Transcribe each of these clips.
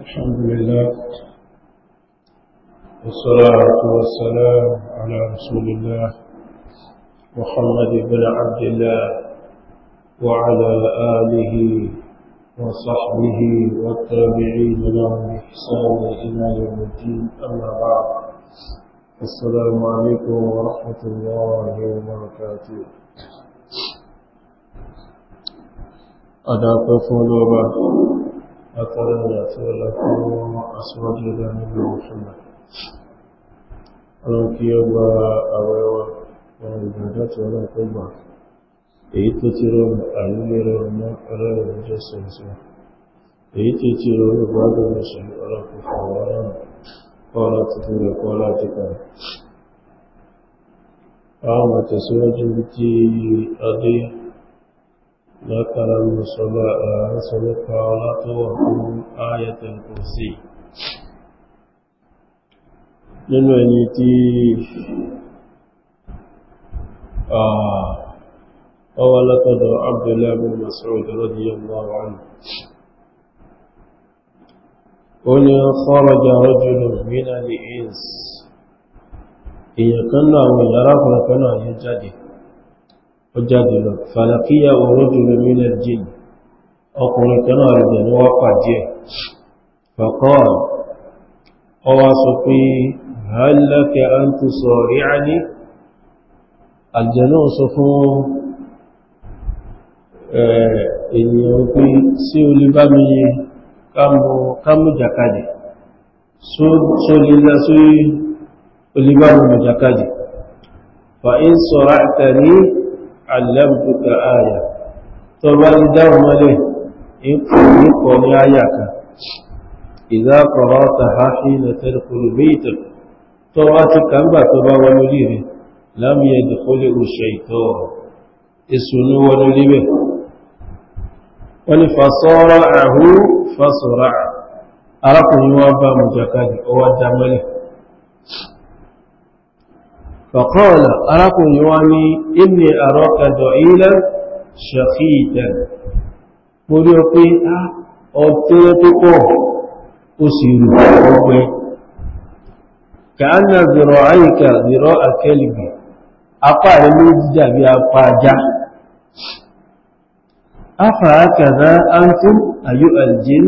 الحمد لله والصلاة والسلام على رسول الله محمد بن عبد الله وعلى آله وصحبه والتابعين لهم بإحسان إلى يوم الدين أما بعد السلام عليكم ورحمة الله وبركاته أدعى فولوبا أقول يأتي لكم أسود لدن محمد ọlọ́run kí ó gba àwẹ̀ wa wọn ìgbàgbà tí ọlọ́run kó gbà èyí tó ti rọrùn àìlè rọrùn mọ́ ọlọ́run jẹ́ sọ̀tọ̀ èyí tó ti rọrùn ìgbàgbọ́ oṣù ọlọ́run fún ọwọ́ ọlọ́run kọ́ láti fi rẹ̀ kọ́ láti kà àwọn àtẹ̀síwájú tí adé ذكر المصطفى رسول الله وهم آية الكرسي لأنه يأتي آه أو لقد عبد الله بن مسعود رضي الله عنه قل خرج رجل من الإنس إن كنا ويراه لكنا يجدد ó jáde lọ fàlàkíyà rajulun min al-jinn ọkùnrin kan náà rẹ̀ ní wọ́n pàdé ẹ̀ fàkọ́ ọ wá sọ pé hal laka an tusari'ani àlùjànnú sọ fún ènìyàn pé sí olúbámi kámùjàkadì sólílá sí olúbámi mùjàkadì fa in sara'tani alẹ́bùkà ayà tó bá ní dáhùn mọ́lẹ̀ ìkọ̀ ní ayà kan ìzákọ̀rọ̀ tàháhí na tẹ́lẹ̀kùrù méjìtà tó bá ti kàmbà tó bá wọn lórí rẹ̀ lámìyàn dìkólé òṣè ìtọ́ ìsúnú wọn lórí bẹ̀ wọ́n ni fasọ́rọ̀ àhú fasọ́rọ̀ arákùnrin wọn bá mùjàkadì ọwọ́ dámọ́lẹ̀ fàkọ́ọ̀lá arákùnrin wá ní inni àrọ́kàdọ̀ ilẹ̀ ṣàfíìtẹ̀ mo rí ọ pé ọtí tó pọ̀ ó sì rù ọgbẹ́ kàánà zìrọ̀ àyíká zìrọ̀ àkẹ́lìgbì apá rẹ̀ ló jíjà bí apá ajá afà ákàdá ántún àyú àjín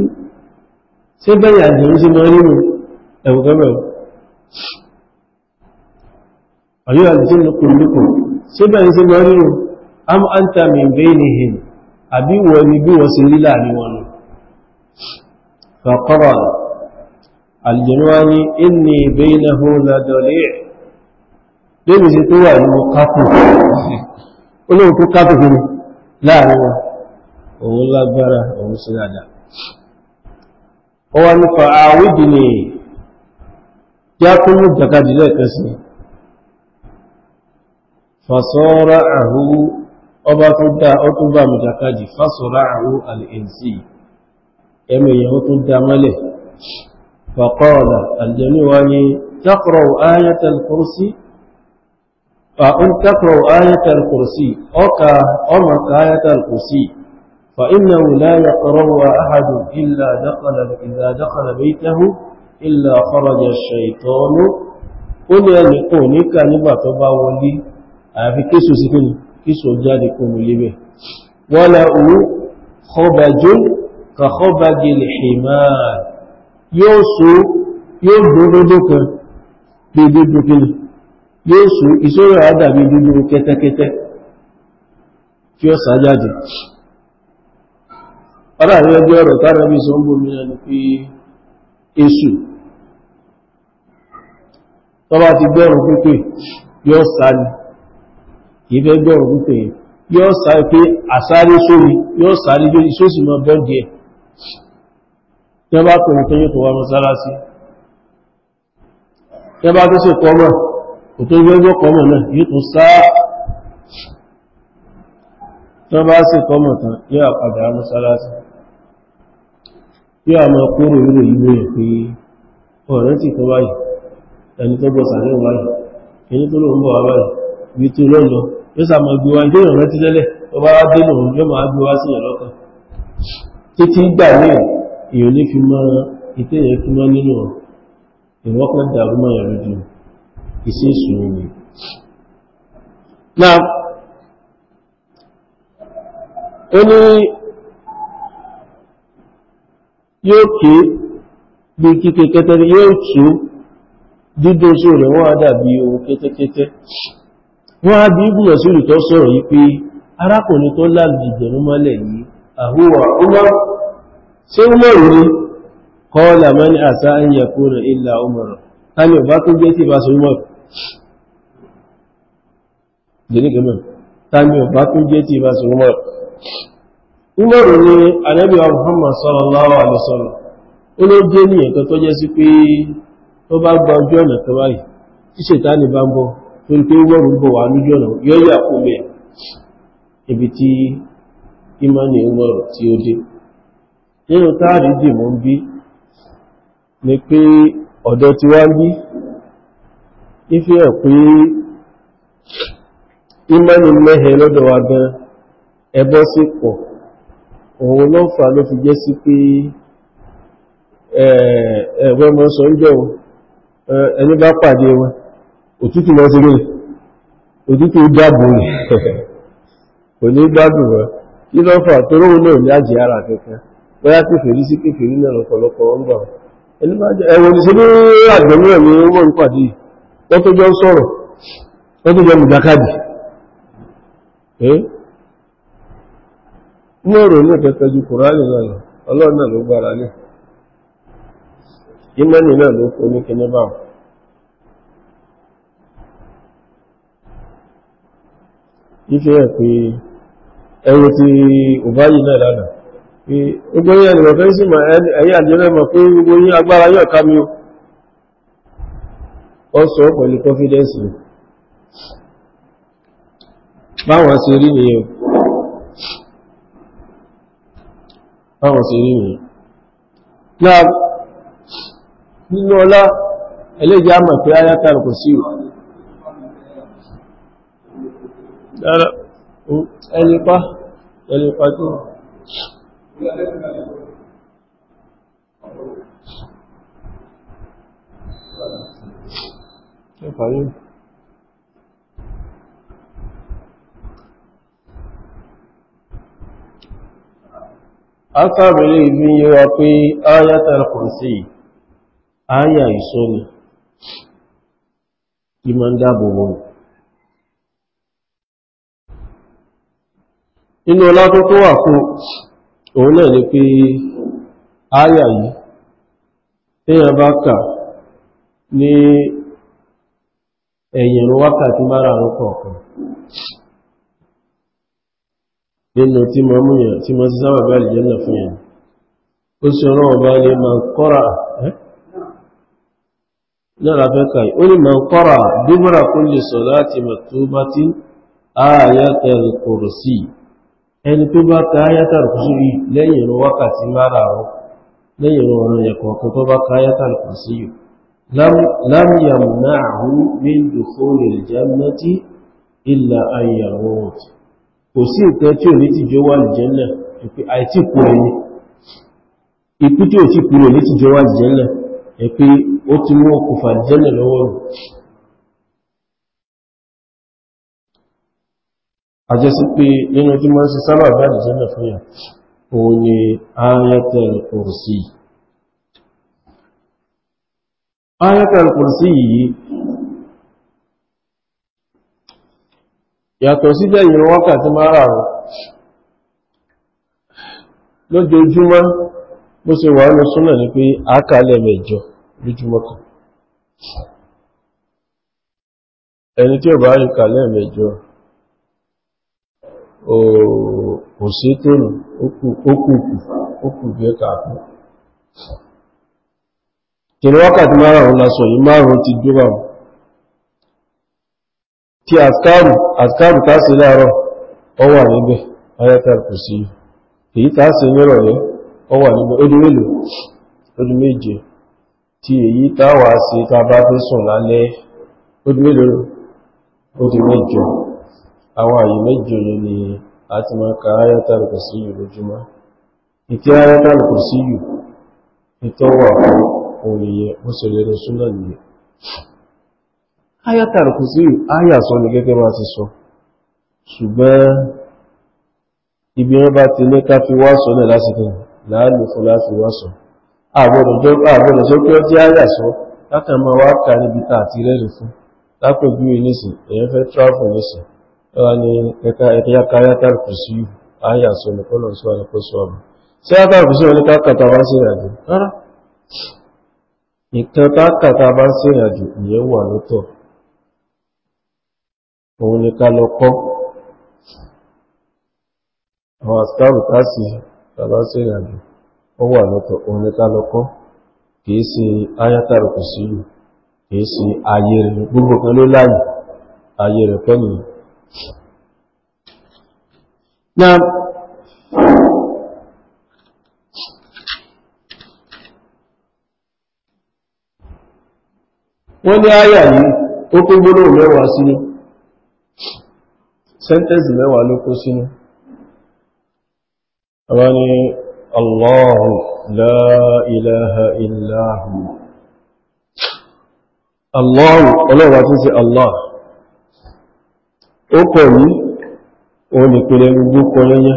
tí bẹ́yà jẹ́ ń ṣe mọ́ nínú ẹ̀wùgọ́mẹ̀wù Ayiwa al kullukum síbẹ̀ ń am anta min bainihim àbí wọ́n ni bí wọ́n sí lílà ní wọn fàkọ́rọ̀ inni bainahu la dọ̀lẹ́ lẹ́bí sí tó wà ní mọ́ kápù olóhùn tó kápù fún mi o wọn òun lágbára òun sí dáadáa ó wá nípa àwídìí fasọ́rọ̀ àhú ọba tó dá ọ tó bá mìdàkájì fasọ́rọ̀ àhú al'insi ẹmẹ̀yàn ó tó dá mọ́lẹ̀ fàkọ́ọ̀lá aljanuwa ni takọrọ̀ ayatar kursi fa'un takọrọ̀ ayatar kursi ọka ọmọka ayatar kursi فإنه لا يقرأ أحد إلا دخل إذا دخل بيته إلا خرج الشيطان قل يلقونك نبات باولي àfi késo sí kí ni késo jáde kó mi lébẹ̀ wọ́n la òwú kọbàjó ka kọbàjì lè hìmáà yóò so yóò dúdúdú kan bí dúdú kí ni yóò so ìṣòro àdàbí dúdú kẹ́tẹ́kẹ́tẹ́ tí ó sá jáde ọ̀rọ̀ ti gbẹ́rùn pípé yóò sá ìfẹ́ gbọ́rọ̀ púpẹ̀ yóò sáré pé àsáré sórí yóò sáré lórí sósì mọ́ bẹ́ẹ̀dì ẹ̀ tí wọ́n bá pẹ̀lú tó yóò tó wá mọ́sálásí tí wọ́n bá tó sì kọ́mọ̀ kò tó gbẹ́gbọ́ kọ́mọ̀ náà yóò tó sáà ti yóò sàmọ̀ gbé wa ìdí ìrànlọ́ ti tẹ́lẹ̀ tó bá wá dé lòun yóò máa gbé wa sí ìyàn lọ́kàn títí gbà ní èèyàn ní fi mọ́ ìtẹ́yẹ fi mọ́ nínú ìrọ́pọ̀ dàrú mọ́ ẹ̀rọ ju ìṣe ìṣòro ni. Náà ó ní yóò ké bí kíkẹ kẹtẹ yóò tú dídó sóòrè wọn á ohun kẹtẹkẹtẹ wọ́n á bí ibùnà sórí tó sọ̀rọ̀ yí pé arákùnrin tó láàrín ìgbẹ̀rún mọ́lẹ̀ yìí àhúwà ọmọ ṣe mọ́rù ní kọ́ọ̀lá mọ́ ní àṣà ń yẹ kó rẹ̀ ilá ọmọrọ̀ tàbí ọba tó jẹ́ tí ìbáṣọ mọ́rù jẹ́nìkẹ́mọ̀ tàbí torí pé wọ́rùn bọ̀ wà lójú ọ̀nà yóò yà kó mẹ́ ibi tí ìmọ̀ni wọ̀rọ̀ tí ó dé nínú táàrí dì mọ́ bí ni pé ọ̀dọ̀ tí wá bí ìfẹ́ ẹ̀ pé ìmọ̀ni mẹ́hẹ lọ́dọ̀ wa gan ẹbọ́ sí pọ̀ òun ló fà ló fi jẹ́ sí pé mọ́ sọ ń ẹni òtútù lọ sí rẹ̀ òtútù dábò rẹ̀ ní gbádùn rẹ kí fà tó náà ní àjẹ́ ara kankan bóyá kéfèrí sí kéfèrí náà lọ́pọ̀lọpọ̀ wọn ẹni ẹ̀wọ̀n ní sí ní àgbẹ̀mí ẹ̀mí ń pàdé tó jọ ń tó jọ ní kùránì náà lọ náà ló gbára ló ní títí ẹ̀ pé ẹwọ ti òbáyìí náà lánàá pé gbogbo yẹn ni ọ̀fẹ́ sí ma ẹ̀yẹ àjẹ́rẹ́ mọ̀ pé gbogbo yín agbára yóò ká mi ó sọ pẹ̀lú confidence rẹ̀ báwọn ṣe rí nìyẹn báwọn ṣe rí nìyẹn náà nínú ọlá ẹlẹ́jẹ̀ àmọ̀ pé ayátàrù kò sí ìwà dára ẹlùpá ẹlùpá tó ẹ̀fàyé a sábẹ̀lẹ̀ ìbí yíwa pé ayatul kursi ayà ìṣọ́ ni ìmọ̀ ń dáàbò wọn inú ọlá tó tó wà fún òun náà ni pé áyà yìí téèyàn bá kà ní ẹ̀yìn ìrun wákàtí mára àrùn kọ̀ọ̀kan nínú tí mọ́ mú yẹn tí mọ́ sí sáwà bá lè jẹ́nà fún yẹn ó sì rán ọba ní ma ń kọ́ra náà láfẹ́ kàí ó ní ma ń kọ́ra dúbúrà kó lè sọ láti mọ̀ tó bá tí ààyà tẹ̀lẹ̀ kòrò sí i ẹni tó bá ka ayatul kursi lẹ́yìn ìrun wákàtí mara àwọn lẹ́yìn ìrun ọ̀rọ̀ ẹ̀kọ́ kan tó bá ka ayatul kursi lam yamna'hu min dukhulil jannati illa an yamut kò sí nǹkan tí ò ní ti jọ wà ní jẹ́nà ìpé àìtí àjẹsí pé nínú tí mọ́ sí sábà bá ìjẹ́nà fún yà òun ni ayatul kursi ayatul kursi yìí yàtọ̀ sí jẹ́yìn wákàtí márààrún lójoojúmọ́ bó ṣe wà ní súnà ní pé àkàlẹ̀ mẹ́jọ lójúmọ́ kan ẹni tí ò bá rí kàlẹ̀ mẹ́jọ òṣètòrò ókùnkùnkùn kàkù kìrì wákàtí márùn-ún lásọ̀ yìí márùn-ún ti dúrà kí ti tásí láàárọ̀ ọ wà níbẹ̀ ayatar kò sí èyí tásí nírọ̀lẹ́ ọ wà níbẹ̀ ó di mélòó ó di méje tí èyí táwà sí tàbá fẹ́ sùn lálẹ́ ó di mélòó ó di méje àwọn àyè méjì yìí ni a ti máa ka ayatul kursiyu lójúmọ́ ìtí ayatul kursiyu ìtọ́wà òyìnyẹ ó sì lérò súnà nìyẹ ayatul kursiyu ayà sọ ni gẹ́gẹ́ bá ti sọ ṣùgbọ́n ibi wọn bá ti ní ká fi wá sọ náà lásìkò láàlù fún láti wá sọ àgbọ̀dọ̀ tó kí ó jẹ́ àyà sọ láti máa wá ká níbi tá àti rẹ́rìn fún lápẹ̀jú ìnísìn èyàn fẹ́ travel nísìn yani ya kaya tarkusi aya so ne kullun so ne ko so ba sai aka kusi wani kakata ba sai ya ji ara ìtàn kákàtà bá ń sìn àjò ìyẹn wà lọ́tọ̀ òun ni ká lọ kọ́ àwọn àsìkáàrù káàsì tàbá sìn àjò ó wà lọ́tọ̀ òun ni ká lọ kọ́ kìí ṣe ayátàrù kò sí kìí ṣe ayé rẹ̀ gbogbo kan ló láàyè ayé rẹ̀ kọ́ nìyẹn نعم wọ́n ní àyà yìí ó kó gbólóhùn mẹ́wàá sínú sẹ́ntẹ́sì mẹ́wàá ló kó sínú àwọn ni allahu la ilaha illahu allahu ọlọ́wà tí sí allah ó kọ̀ yìí òun nìpínlẹ̀ gbogbo kọ yẹnyẹ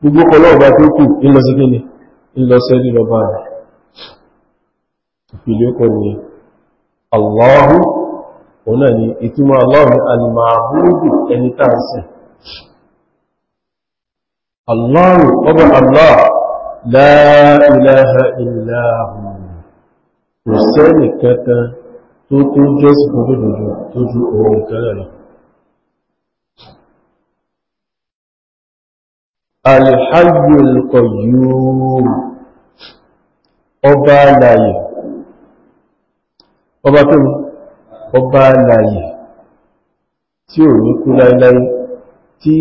gbogbo kọ lọ́ọ̀bá tó kù ńlọsíkíni ńlọsẹ́ nílọba rẹ̀ ìpìlẹ̀ kọ ni Allahu òun náà ni ìtumọ̀ Allahu ni al-ma'budu ẹni tàǹsìn Allahu ọba Allah la ilaha illa hu kò sẹ́nì kẹta tó tó jẹ́ sí gbogbo tó ju òun kẹrẹ lọ alhayyul qayyum ọba alaye ọba tó ọba alaye tí ò ní kú láíláí tí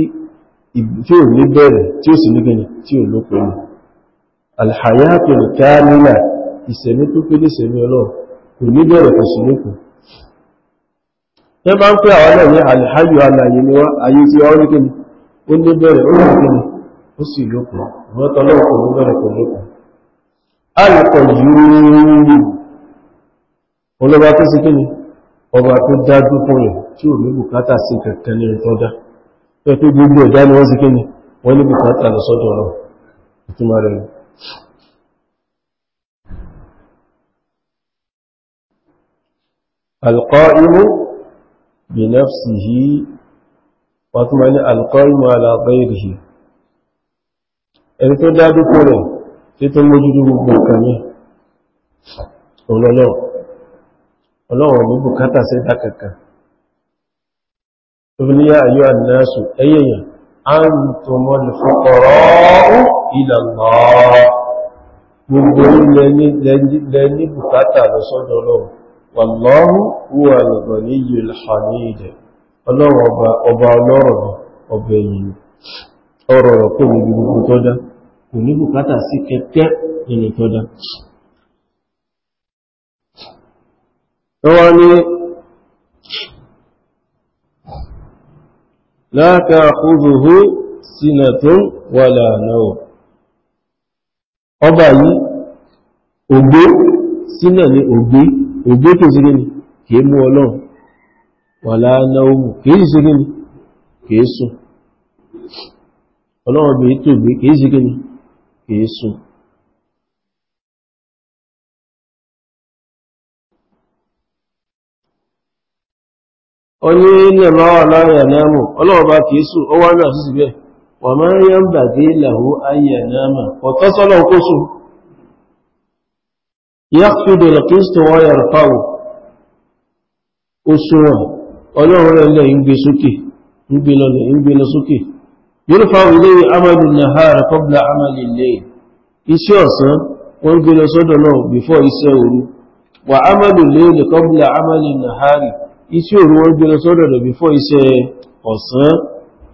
ò ní bẹ̀rẹ̀ tí ó sì ní gẹ̀ẹ́ tí ò lópin alhayatul kamila ìsẹ̀mí tó pé lẹ́sẹ̀mí ọlọ́ kò ní bẹ̀rẹ̀ kò sí ń pẹ́ àwọn náà ní ni wá ayé tí wọ́n ó ní ó sì lókun wọ́n tọ́lọ́pọ̀ ló bẹ̀rẹ̀ pẹ̀lú lókun alùpọ̀ yìí olóba tó sí kí ni ọba tó dájú fún rẹ̀ tí ò ní bùkátà sí kẹ̀kẹ́ ní ìtọ́dá tó tó gbogbo ẹ̀dá ni wọ́n sí kí ni wọ́n ní bùkátà lọ sọ́dọ̀ náà ìtumà rẹ̀ alqa'imu bi nafsihi wa tumani alqa'imu ala ghayrihi ẹni tó dá dúkù rẹ̀ tí tó mójúdú gbogbo nǹkan ọlọ́lọ́ ọlọ́wọ̀n ní bùkátà sí dákàkà tó fi níyà ayọ́ àdínáṣù ila ọba ọlọ́rọ̀ ọbẹ̀ yìí ọrọ̀ ọ̀pọ̀ tó dá kò ní bùkátà sí kẹ̀kẹ́ nínú tọ́dá wọ́n ni láàkà òhùhù sínà tó wà láàánáwò ọba yìí ògbé sínà ni ògbé ògbé tó sí gíní kìí mú ọlọ́run wà láàánáwò kìí sí gíní kìí sùn ọlọ́run bí tó gbé kìí sí gíní onye sùn ilẹ̀ máa wà láàrin ànáàmù ọlọ́ọ̀bá kìí sùn ó wá náà sí síbẹ̀ wà máa ń yá ọ̀tọ́ sọ́lọ̀ kó يرفع إليه عمل النهار قبل عمل الليل iṣẹ́ ọ̀sán wọ́n gbé lọ sọ́dọ̀ náà before iṣẹ́ òru wà ámàlù léèlè qabla ámàlì nàhárì iṣẹ́ òru wọ́n gbé lọ sọ́dọ̀ náà before iṣẹ́ ọ̀sán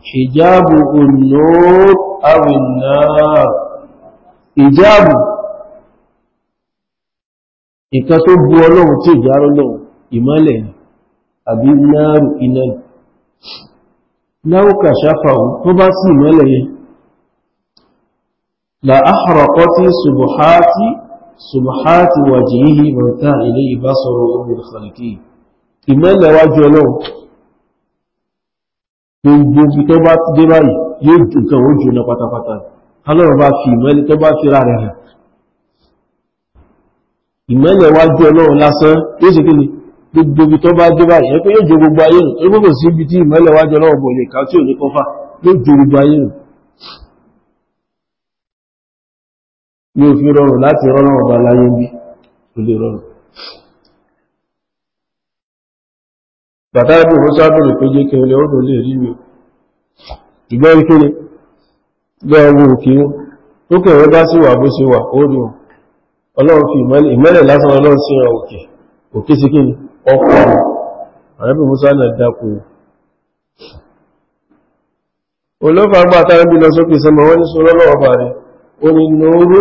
hijabu an-nur láwùkà ṣáfàún tó bá sì mẹ́lẹ̀ yẹn láàárọ̀kọ́ tí ṣubuhati ṣubuhati wà jìíhì mọ̀ta ilé ìbásọ̀rọ̀ ogun ìfàlìkì ìmẹ́lẹ̀ wájú ọlọ́run gbogbo ibi tó bá ti dé báyìí yóò dùn kan ó jóná pátápátá ọlọ́run lásán yóò ṣe kí ni gbogbo ibi tó bá dé báyìí ẹ̀kọ́ yóò jẹ gbogbo ayé nù ẹgbẹ́ kò sí ibi tí ìmọ́lẹ̀ wájú ọlọ́wọ́ bọ̀ lè ká tí ò ní kọfà yóò jẹ gbogbo ayé nù ní òfin rọrùn láti rọ́nà ọba láyé bí ni lọ wo òkè wọn tó kẹ̀wẹ́ bá sí wà bó ṣe wà ó rí wọn ọlọ́run fi ìmọ́lẹ̀ lásán ọlọ́run sí ọ̀kẹ́ òkè sí ni ọkụ àrẹ́bì musa náà dákò olófà gbà tàbí lọ sókè sọmọ wọ́n ma sọ lọ́lọ́ ọba rẹ̀ ó ní nóòrò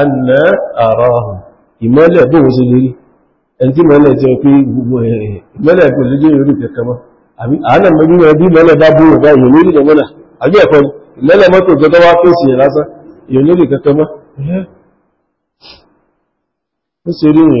àná àrọ̀hùn ìmọ́lẹ̀ bóhun sí lérí ẹni tí mọ́lẹ̀ jẹ́ gbogbo ìmọ́lẹ̀ kò lè jẹ́ orí kẹkẹ mọ́ ana àánà mọ́jú rẹ̀ bí mọ́lẹ̀ bá bóhun bá nke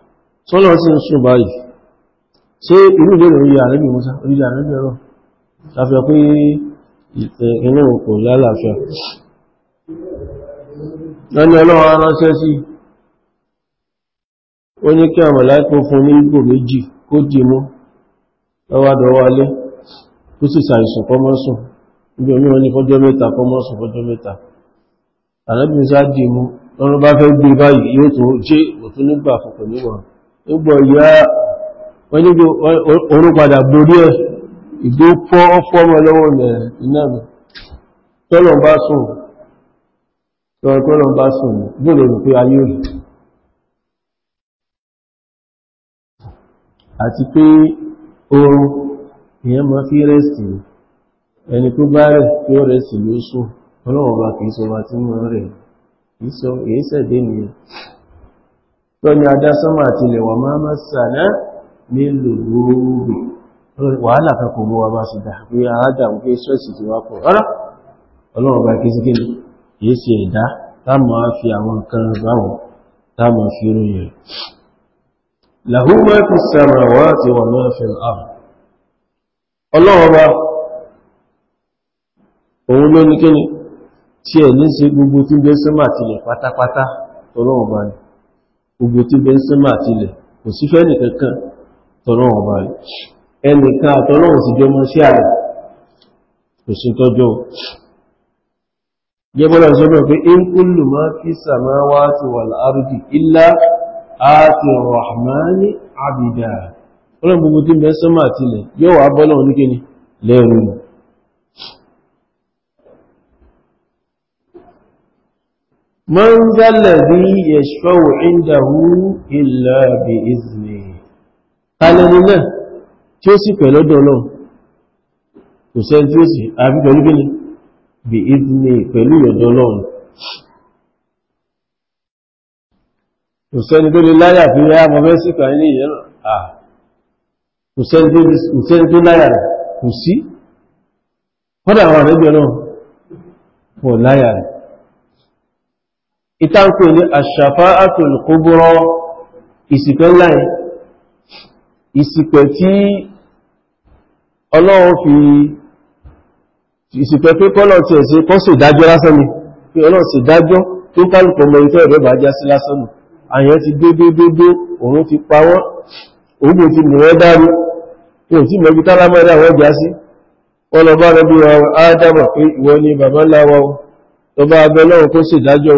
sọ́lọ́ sí ń sùn báyìí ṣé irú ìbéèrè orí àrẹ́bì musa orí àrẹ́bì ẹ̀rọ láfẹ́ pé inú kò lálàáfíà lọ́ni ọlọ́run aránṣẹ́ sí ó ní kí àmọ̀ láìpọ̀ fún ní ìgbò méjì kó dì mú lọ́wọ́dọ̀wọ́ alẹ́ kó sì sàìsùn kọmọ́sùn ibi omi wọn ní fọ́jọ́ mẹ́ta kọmọ́sùn fọ́jọ́ mẹ́ta àrẹ́bì musa gbọ́ ìyá wọ́n ní padà borí ẹ̀ ìgbó pọ́ ọpọ́mọ lọ́wọ́ ìnáàbì tọ́lọ̀ bá sùn tọ́lọ̀ bá sùn pé ayé àti pé oorun èèyàn ma fi rẹ́sì ẹni tó bá rẹ̀ tí ó rẹ̀sì ló sùn ọlọ́wọ́ bá kìí sọ tó ní adásánmà àti ilẹ̀ wà máa máa sànà ní lòlóògbè wàhálà kan kò mú wa bá ṣùgbà pé àádà ń pé ṣọ́ọ̀ṣì ti wá pọ̀ rárá ọlọ́run bá kéṣe kéṣe kìí ṣe ẹ̀dá táàmù á fi àwọn nǹkan báwọn táàmù fi ròyìn làhú máa fi sàmà gbogbo tí bẹ́ ń sánmà àtilẹ̀ kò sí fẹ́ni kankan tọ́lọ́run ọba rẹ̀ ẹnìkan àtọ́lọ́run sì jọmọ sí àrẹ̀ kò sí tọ́jọ́ jẹ́bọ́lá sọ́bọ̀ pé in kullu ma fi samawati wal ardi illa àti rahmani abida ọlọ́run gbogbo tí bẹ́ ń sánmà àtilẹ̀ yóò wá bọ́lọ́run ní kíni lẹ́rù من ذا الذي يشفع عنده إلا بإذنه قال لنا تيسي pẹ̀lú dọ́lọ́ kò sẹ́ni tí ó sì àbí pẹ̀lú gíní bí ìdíni pẹ̀lú ìyọ̀dọ́lọ́run kò sẹ́ni tó lè láyà fi rẹ́ àmọ́ mẹ́sìkà ní ìyẹn àà kò sẹ́ni tó láyà rẹ̀ kò sí kọ́dà àwọn àrẹ́bẹ̀ náà pọ̀ láyà rẹ̀ ìtànkù ní àṣàfáàtùl kúbúrọ́ ìsìpẹ̀ láì ìsìpẹ̀ tí ọlọ́run fi ìsìpẹ̀ pé kọ́lọ̀ tí ẹ̀sẹ̀ kọ́ sí ìdájọ́ lásán ni pé ọlọ́run sí ìdájọ́ tó kálùkọ̀ mọ̀ ìfẹ́ ẹ̀rẹ́ bá já sí lásán ni àyẹ́ ti dédédédé òun ti pa wọ́n òun ti mìíràn dáru òun ti rẹ̀ bí wọn ádámà pé ìwọ ni bàbá láwọ́ ọba abẹ́lọ́run kó sì dájọ́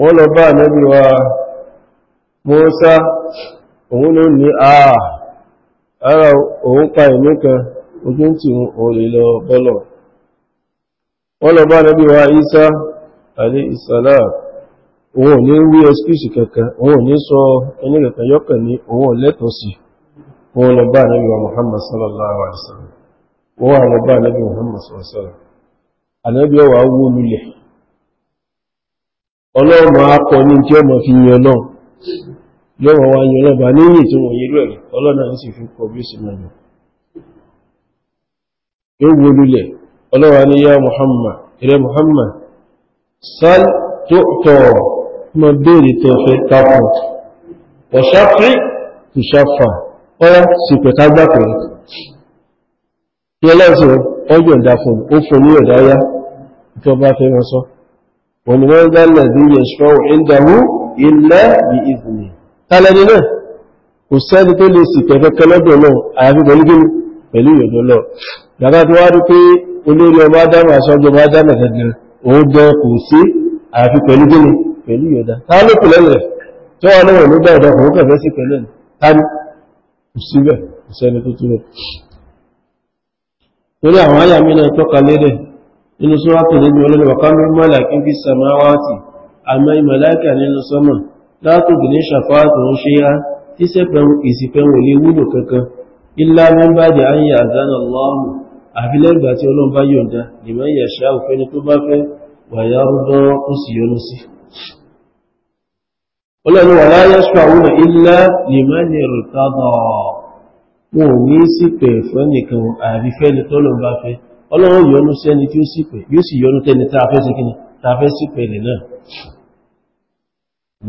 wọ́n lọ bá ànábì wa Mùsá òun ló ní àà ara òun pa ìmú kan ojú ń tì lè lọ bọ́lọ̀ wọ́n lọ bá wa isa àlé ìsàlá òun ní kankan òun ní sọ ẹni ní òun wọ́n lọ bá ànábì wa Muhammad ọlọ́run akọ ní tí ó mọ̀ fi yẹn náà yọ́wọ́ wa yẹn náà bá níyìn tí wọ́n yẹrú ẹ̀ ọlọ́run sì fi kọ bí ó yóò wo lulẹ̀ ní yá Muhammad ìrẹ́ Muhammad sal tó tọ̀ mọ béèrè tó fẹ́ tapọ̀ ọ̀ṣáfí kò ṣàfà ọ̀rá sì pẹ̀ká gbà pẹ̀lú kí ọlọ́run sì ọjọ́ ìdá ومن ذا الذي يشفع عنده إلا بإذنه tálẹ́ni náà kò sẹ́ni tó lè sì kẹfẹ́ kẹlẹ́dọ̀ náà àyàfi pẹ̀lú gínú pẹ̀lú ìyọ̀dọ̀ lọ gbàgbà tó wá rí pé olórí ọmọ adámà sọ́jọ́ ọmọ adámà gẹ̀gẹ̀rẹ̀ òun jẹ kò sí àyàfi pẹ̀lú gínú pẹ̀lú ìyọ̀dọ̀ ta ló kù lẹ́nu rẹ̀ tó wà lọ́wọ́ ló dáadáa kò kẹfẹ́ sí pẹ̀lú ẹ̀nì ta ni kò síbẹ̀ kò sẹ́ni tó túbẹ̀ torí àwọn àyà mi náà tọ́ka lélẹ̀ nínú sọ́wọ́tò nínú ọlọ́lẹ̀ wàkánú mọ́láàkí fi samáwátì àmà ìmọ̀láàkà nínú sọ́mà látòbì ní ṣàfáàtò ń ṣe yá tí ìsìfẹ́wò lè wúlò kankan ilá mẹ́bàdì ayé àdánà lọ́mù àfilẹ́gbà tí ọlọ́run bá yọ̀ǹda lèmọ́ yẹ̀ṣà òfẹ́ni tó bá fẹ́ wàyá rúdán ó sì yọnu sí ọlọ́run wà láyé ṣàwọn ilá lèmọ́ ní rùtádọ̀ wọn ọlọ́run yọ́nú sẹ́ni tí ó sì pẹ̀ yóò sì yọ́nú tẹ́ni tààfẹ́ sí kíni tààfẹ́ sí pẹ̀lẹ̀ náà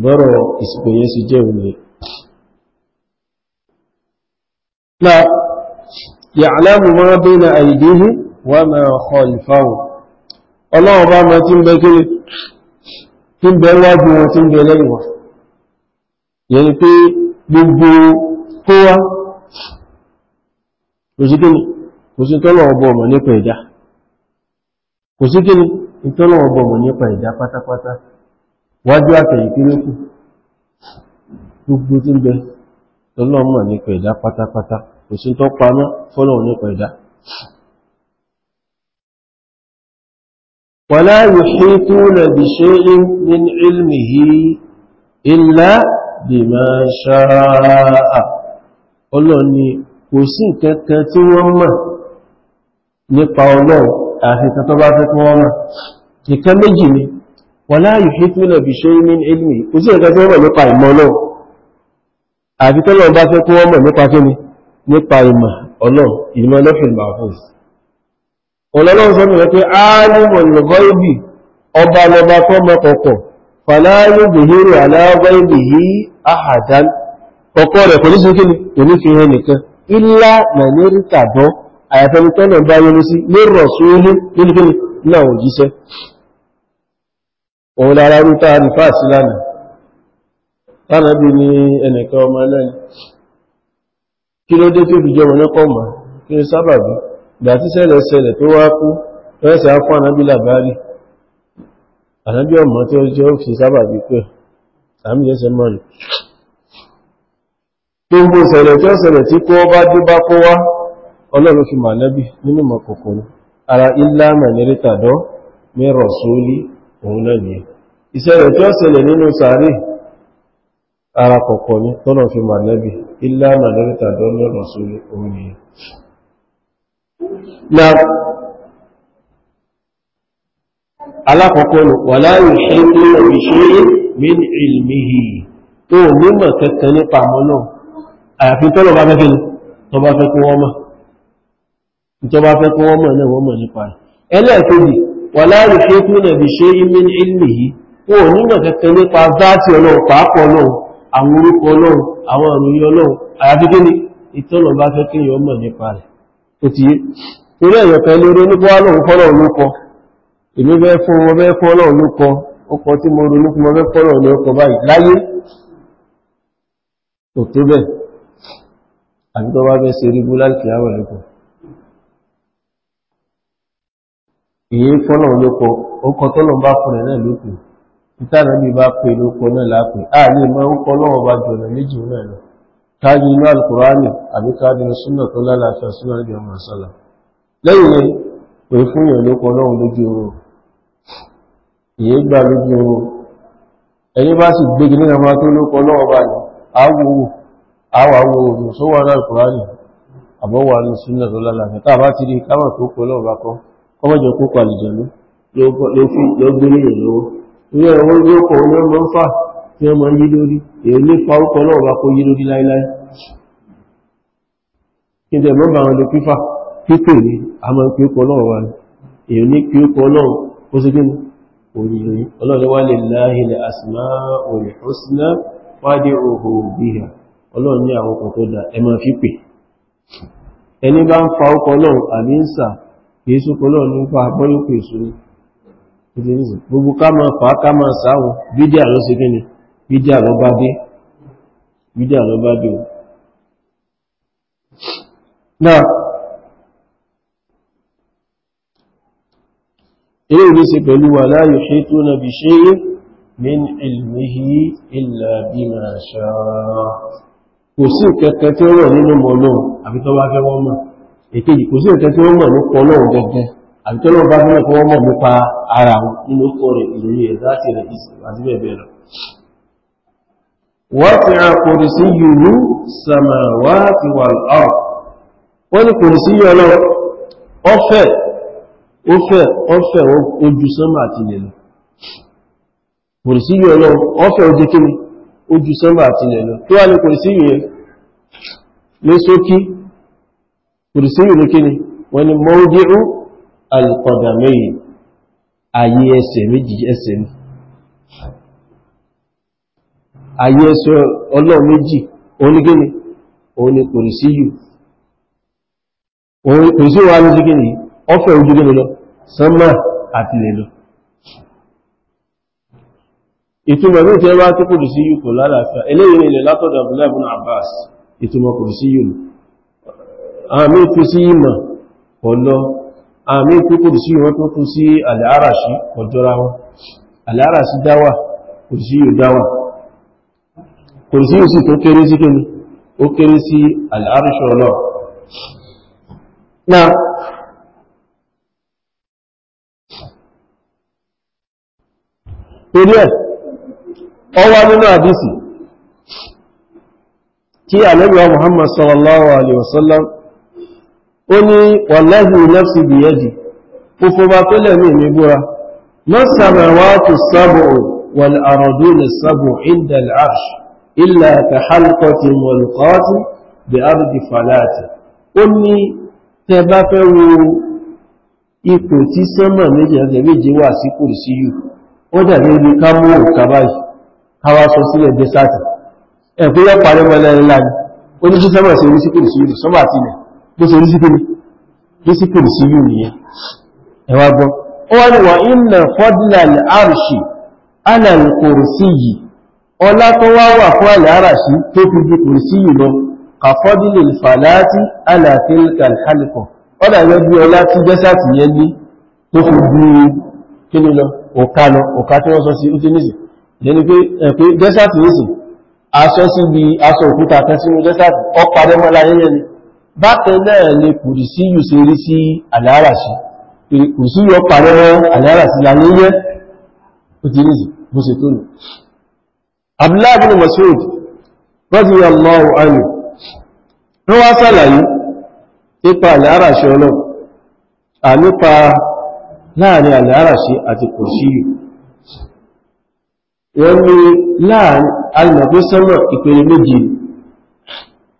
bọ́rọ̀ ìsìnkú yẹn sí jẹ́ òun na ya'lamu ma bayna aydihi wa ma khalfahum ọlọ́run bá mọ̀ tí kò sí tọ́lọ̀ ọbọ̀ ọmọ nípa wájú gbogbo tí ń bẹ tọ́lọ̀ mọ̀ nípa ẹ̀dá pátápátá kò sí tọ́ pamọ́ fọ́lọ̀ nípa ẹ̀dá wala yuhituna bi shay'in di ilmihi illa ọlọ́ni kò sí nǹkan tí wọ́n mọ̀ nípa ọlọ́run àfihàn tó bá fẹ́ kí wọ́n mọ̀ nìkan méjì ni wọ́n láàyè hìtú náà bí ṣe ní ilmi kò sí ẹ̀ka tó mọ̀ nípa ìmọ̀ náà àfi tọ́lọ̀ bá fẹ́ kí wọ́n mọ̀ nípa kíni nípa ìmọ̀ ọlọ́run ìmọ̀ lọ́fìn mahfuz ọlọ́run sọ nìyẹn àyàfẹ́ni tọ́nà bá yọmú sí lérò sóhún nílùú náà òjíṣẹ́ òun lára rúta àrífà sí lánà tánàbí ní ẹnìkan ọmọ ẹlẹ́ni kí ló dé tó fi jọmọ nípa ọmọ kí ló sábàbí ìgbà tí ṣẹlẹ̀ ṣẹlẹ̀ tó wá kú fẹ́ẹ̀sẹ̀ á fún ànábí làbárí ànábí ọmọ tí ó jẹ́ gbogbo ṣẹlẹ̀ tí ó ṣẹlẹ̀ tí kó bá dé bá kó wá ọlọ́run fi mà nábì nínú mọ̀ kòkòrò ara ilá mẹ́rẹ́ta dọ́ mẹ́rọ̀ sólí òun náà ni iṣẹ́ rẹ̀ tí ó ṣẹlẹ̀ nínú sàárè ara kọ̀kọ̀ ní tọ́nà fi mà nábì ilá mẹ́rẹ́ta dọ́ mẹ́rọ̀ sólí òun ni na alákọ̀ọ́kọ́ wà láàrín ṣe ń lọ ìṣe min ilmihi tó mímọ̀ kẹta nípa àmọ́ náà àyàfi tọ́lọ̀ bá fẹ́ fẹ́ ni fẹ́ kí wọ́n mọ̀ ìjọba fẹ́ kọ́ wọ́n mọ̀ náà wọ́n mọ̀ nípa rẹ̀ ẹlẹ́ẹ̀kejì wà láàrù ṣe kú nà bí ṣe imin ilmi yìí wọn ò nímọ̀ kẹ́kẹ́ nípa záàtì ọlọ́run pàápọ̀ ọlọ́run àwọn orúkọ ọlọ́run àwọn ìròyìn ọlọ́run àyàfi kí ni ìtọ́nà bá fẹ́ kéèyàn mọ̀ nípa rẹ̀ ó ti yé torí ẹ̀yọ̀ kan lórí nípa ọlọ́run kọ́ ọlọ́run ló kọ èmi fẹ́ fún wọn fẹ́ fún ọlọ́run ló ọkọ̀ tí mo ronú fún wọn fẹ́ fún ọlọ́run ló báyìí láyé kò tó bẹ́ẹ̀ àbí tó bá fẹ́ ṣe rí bú láìkìyàwó lẹ́kọ̀ọ́ èyí fọ́nà lóko ọkọ̀ tọ́nà bá fúnrẹ̀ náà lókè ìtànà bí bá pè lóko náà lápè á lè máa ń kọ́ lọ́wọ́ bá méjì náà lọ káàdì inú àbí káàdì inú súnà tó lálàáfíà súnà ọmọ àṣàlà lẹ́yìn fún lójú oorun èyí gbà lójú oorun ẹni bá sì gbégi ọmọ tó bá kọ́mọ̀jọ púpọ̀ àlùjọ̀nú ló lọ́wọ́ ilé ẹ̀wọ́ ọmọ ń fà tí ọmọ yí lórí èyí ní pa náà bá kó yí lórí láíláí kí bá wọn lè pífà pípè ní a máa ń pí orúkọ náà wà ní èyí ní pí náà ó sì gbé lè ní àwọn ọkọ̀ tó dá kìí sókò náà ní fa àpọ́yókò èso ní ìdírísì gbogbo ká máa fà á ká máa sáwọn bídíà lọ sí gíní bídíà lọ bá dé bídíà lọ bá dé náà ilé ìlú pẹ̀lú wà láyò ṣe tó na bí ṣe yí min ilmihi illa bima sha kò sí kẹkẹ tí ó rọ̀ nínú mọ̀ náà fẹ́ wọ́n mọ̀ èkejì kò sí ẹ̀tẹ́ tí wọ́n mọ̀ nípa ọlọ́run gẹ́gẹ́ àbítọ́lọ́ bá bẹ́rẹ̀ kọ́ mọ̀ nípa ara wọn nínú kọ́ rẹ̀ ìròyìn ẹ̀ láti rẹ̀ àti bẹ́ẹ̀ bẹ́ẹ̀ lọ wọ́n ti ra kòrì sí yìí sàmàwá ti wà lọ́rọ̀ wọ́n ni kòrì sí yọ lọ ọfẹ́ ọfẹ́ ọfẹ́ ojú sánmà àti ilẹ̀ lọ kòrì sí yọ lọ ọfẹ́ ojú kíni ojú sánmà àti ilẹ̀ lọ tó wà ní kòrì sí yìí ní sókí kùrìsí yìí ní kí ni wọ́n ni mọ́ọ́díù alkọ̀dàmẹ́yì ayé ẹsẹ̀ méjì ẹsẹ̀ ni ayé ẹsẹ̀ ọlọ́ọ̀ méjì òun ní kí ni òun ni kùrìsí yìí kùrìsí wà ní kí ni ọfẹ́ ojú gẹ́gẹ́ lọ sánmà àti lè lọ ìtumọ̀ ní ìtẹ́wà tó kùrìsí yìí kò lálàáfíà eléyìí àmì kú sí ìmọ̀ ọ̀lọ àmì kú kò sí ìwọ́n tó kú sí àlàáràṣí ọjọ́ra wọn àlàáràṣí dáwà kò sí yóò dáwà kò sí yóò sì tó kéré sí kíni ó kéré sí àlàáràṣí ọlọ́ náà kí àlẹ́bíwá Muhammad sallallahu alaihi wasallam ó ní wàláhì nafsi biyadi fúnfọba tó lẹ̀mí mi búra masamawatu sábò wal aradun sábò inda al'arsh illa ka halqati mulqati bi ardi falati ó ní tẹ bá fẹ́ wo ipò tí sánmà méjì ẹgbẹ̀ méjì wà sí kùrùsí yìí ó bó ṣe rí sí kìrì rí sí kìrì sí yìí nìyẹn ẹwà gbọ́ ó wá ní wà inna fadla al-arshi ala al-kursiyyi ọlá tó wá wà fún al-arshi tó fi ju kursiyyi lọ ka fadli al-falati ala tilka ọlá tí jẹ́sà ti ní tó fi ju kí bákan náà ni kùrì sí yù sí rí sí àlárasí kùrì sí yọ pàrẹ́rẹ́ àlárasí láníyẹ́ ó ti rí sí bó ṣe tó nù Abdullah bin Mas'ud radiyallahu anhu ló wá sàlàyé nípa àlárasí ọlọ́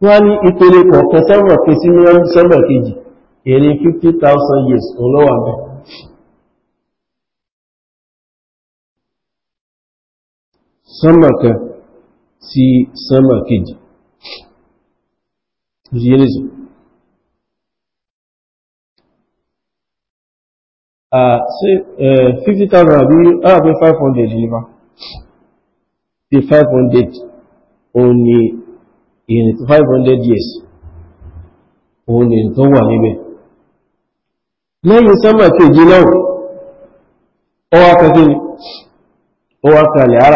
wọ́n ní ìpele kọ̀ọ̀kan sẹ́wọ̀n pín sí mìíràn sẹ́wọ̀n kejì èrè 50,000 years olówà mẹ́ sẹ́wọ̀n kan sí sẹ́wọ̀n kejì ìrìnlẹ́sì àti 50,000 àbí ààbí 500 ìlú ma 500 òní ìyẹn ti 500 years òun ni tó wà níbẹ̀ lẹ́yìn sánmà kejì náà ó wá ni ó wá kalẹ̀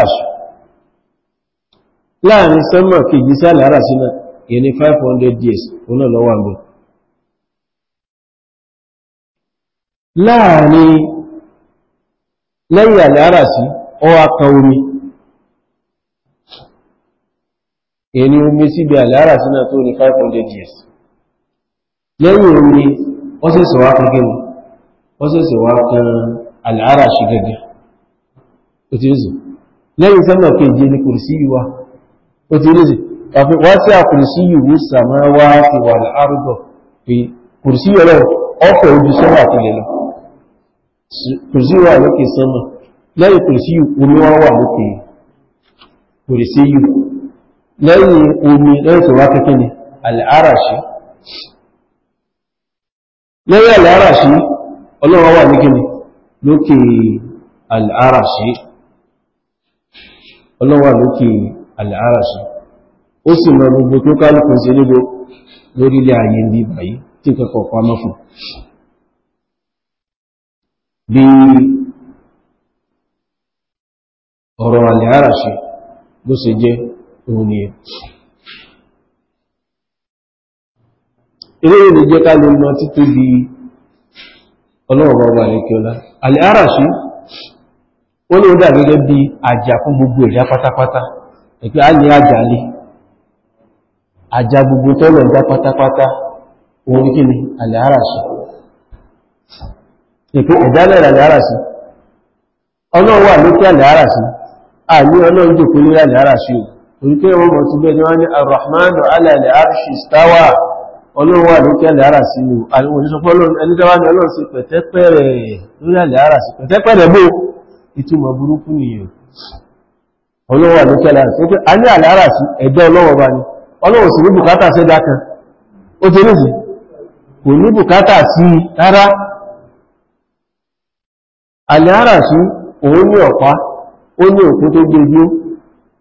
láàrin sánmà kejì sálẹ̀ arash náà 500 years òun náà ló wà láàrin lẹ́yìn àlẹ́ arash èyí omi síbi àlàárà sínà tó ní 500 years lẹ́yìn omi ó sì sọ wá kan kí ni ó sì sọ wá kan àlàárà ṣe gẹ́gẹ́ ó ti rísì lẹ́yìn sẹ́nà kejì ni kùrìsí yìí wá ó ti rísì kàfin wá sí àkùrìsí yìí wú sàmá wá ti wà láàrúgbọ̀ pé kùrìsí yìí lọ ọkọ̀ ojú sọ́nà àti lè lọ kùrìsí wà lókè sánmà lẹ́yìn kùrìsí yìí omi wá wà lókè kùrìsí yìí lẹ́yìn omi lẹ́yìn tó wá kékè ní al'arashi lẹ́yìn al'arashi ọlọ́run wà ní kíni lókè al'arashi ọlọ́run wà lókè al'arashi ó sì mọ gbogbo tó kálùkùn sí níbo lórílẹ̀ ayé ní báyìí tí kẹ́kọ̀ọ́ pamọ́ fún bí ọ̀rọ̀ al'arashi bó ṣe jẹ́ òní ilé ìlú jẹ́ ká lè mọ títí bí ọlọ́ọ̀rọ̀ ọba àríkẹ́ọlá alẹ́ àràṣí wọ́n ló dà gẹ́gẹ́ bí àjà fún gbogbo ẹ̀dá pátápátá ẹ̀pẹ́ a ní àjà lè àjà gbogbo tọ́lọ̀ ẹ̀dá pátápátá òun kí ni alẹ́ àràṣí ìpé ẹ̀dá náà alẹ́ àràṣí ọlọ́wà lókè alẹ́ àràṣí àní ọlọ́run jòkó lórí alẹ́ àràṣí o wípé wọn mọ̀ tí bẹ́ẹ̀ wọ́n ala arshi stawa ọlọ́run lókè ara sí o àwọn oníṣọ́pọ̀ sí pẹ̀tẹ́pẹ̀rẹ̀ lórí ara sí pẹ̀tẹ́pẹ̀rẹ̀ bó ìtumọ̀ burúkú nìyẹn ọlọ́run lókè àlẹ́ sí a ní àlẹ́ ara sí ẹ̀gbẹ́ ọlọ́run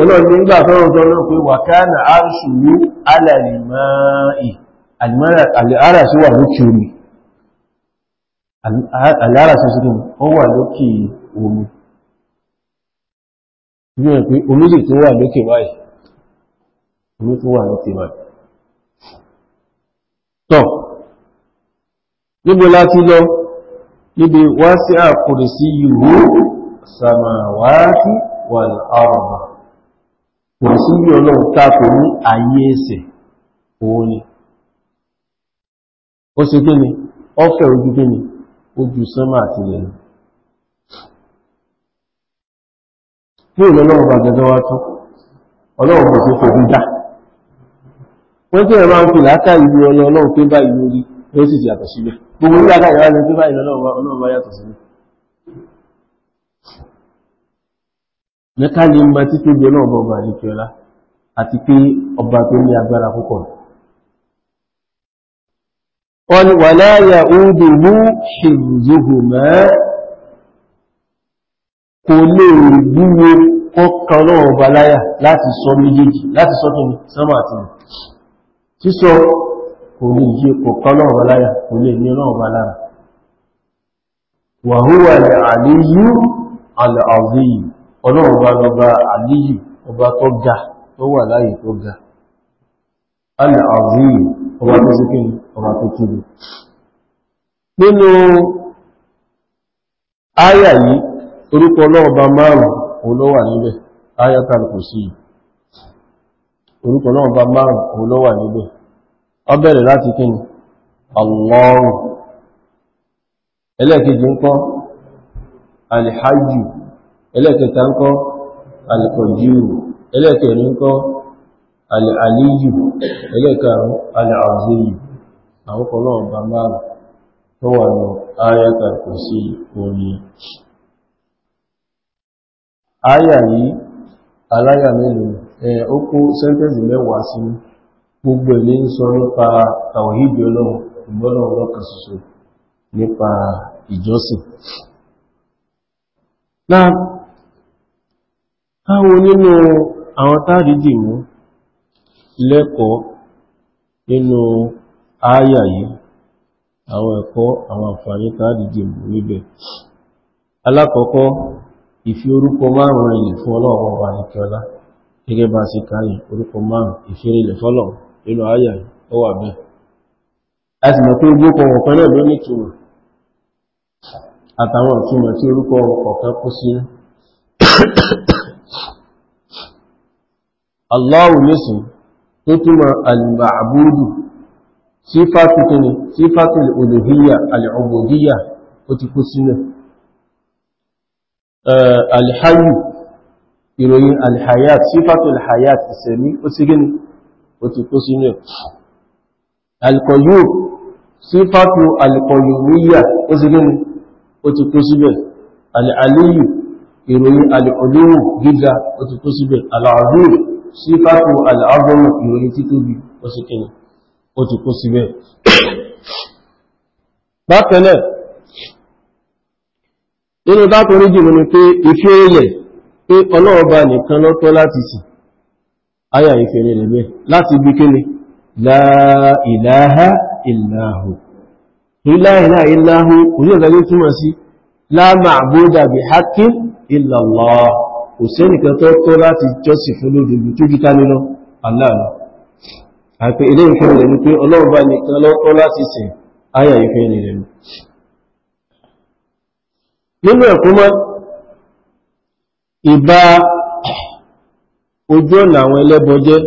ọlọ́run nígbà tọ́rọ tọ́rọ pé wà káàna arṣùlú alàlìmáì alàrásí wà lókè omi alàrásí síkùn ó wà lókè omi ní ẹ̀pẹ́ olóṣì tó wà lókè báyìí oló tó wà lókè báyìí tọ́ níbo láti lọ níbi wá sí àkùrìsí yìí sàmàwáàtí wal arba kò sí bí ọlọ́run tápò ní ayé ẹsẹ̀ ni ó ṣe kí ni ojú kí ni ojú sánmà àti ilẹ̀ lọ ní ìlọ́lọ́run bá gẹ́gẹ́ wá tán ọlọ́run kò sí dá wọ́n tí ẹ̀rọ máa ń ìlú ọlọ́run ti yàtọ̀ sílẹ̀ gbogbo ìlú ọlọ́run mẹ́ká lè mọ títí bí ọlọ́ọ̀bọ̀ ọba àdìkẹ́ọ́lá àti pé ọba tó ní agbára púpọ̀ wọ́n ni wà láyà oúnjẹ mú ṣèǹzóhùnmá kò lè gbúwo kọ́kà ọlọ́ọ̀bà láyà láti sọ méjèèjì láti sọ tó sánmà àti rẹ̀ sísọ kò lè yí kọ̀kà ọlọ́ọ̀bà láyà kò lè ní ọlọ́ọ̀bà lára wàhúwà àlè yìí àlè ọlọ́run bá lọba ọba tó ga tó wà láyé tó ga ọba tó ọba tó tóbi nínú áyà yìí orúkọ ọlọ́ọba márùn-ún kò sí orúkọ ọlọ́ọba márùn-ún òun níbẹ̀ bẹ̀rẹ̀ láti ẹlẹ́ẹ̀kẹta ń kọ́ alìkọ̀díù ẹlẹ́ẹ̀kẹrin ń kọ́ alìyù ẹlẹ́ẹ̀karùn alìazíyù àwọn kọlọ́ ọba márùn tó wà ní ayata kò sí orin ayà yìí aláyà mẹ́rin ẹ̀ kó sẹ́ntẹ́sì mẹ́wàá sí gbogbo ilé ń sọ nípa ọlọ́run káwọn nínú àwọn táàrídì mú lẹ́kọ̀ọ́ nínú ááyà yìí àwọn ẹ̀kọ́ àwọn àǹfààní táàrídì mú níbẹ̀ alákọ̀ọ́kọ́ ìfi orúkọ márùn-ún ilẹ̀ fún ọlọ́run ọba nìkẹ́ọlá gẹ́gẹ́ bá sí káyìn orúkọ márùn-ún ìfẹ́rẹ̀lẹ̀ fọ́lọ̀run nínú ááyà yìí ó wà bẹ́ẹ̀ a sì mọ̀ pé ogbókọ̀ ọ̀kan náà ló ní ìtumọ̀ àtàwọn ìtumọ̀ tí orúkọ ọ̀kan kó sínú Allahu nísìn tó túmọ̀ al-ma'budu sífàtù kíni sífàtù al-uluhiyya al-ubudiyya ó ti kó sínú eh, al-hayyu ìròyìn al-hayat sífàtù al-hayat ìsẹ̀mí ó sì gíní ó ti kó sínú al-qayyum sífàtù al-qayyumiyya ó sì gíní ó ti kó síbẹ̀ al-aliyyu ìròyìn al-uluwu gíga ó ti kó síbẹ̀ al-azim sífàtò al'agbọ́nù ìròyìn títóbi ó sì kìí ó ti kó síbẹ̀. bákanáà nínú dákùnrí jùmọ̀ ni pé ìfẹ́ ilẹ̀ pé ọlọ́ọ̀bá nìkan lọ́tọ́ láti sì ayà ìfẹ́ ilẹ̀ bẹ́ láti bí kí ni la ilaha illahu la ilaha illahu orí ọ̀gá ló túnmọ̀ kò sẹ́nìkan tó tọ́ láti jọ́sìn fún lódodo tó jíká nínú aláàlá àpẹ ilé ìfẹ́ rẹ̀ ni pé ọlọ́run bá nìkan lọ́tọ́ láti sìn áyà ìfẹ́ rẹ̀ rẹ̀ nínú ẹ̀kún mọ́ ìbá ojú ọ̀nà àwọn ẹlẹ́bọ jẹ́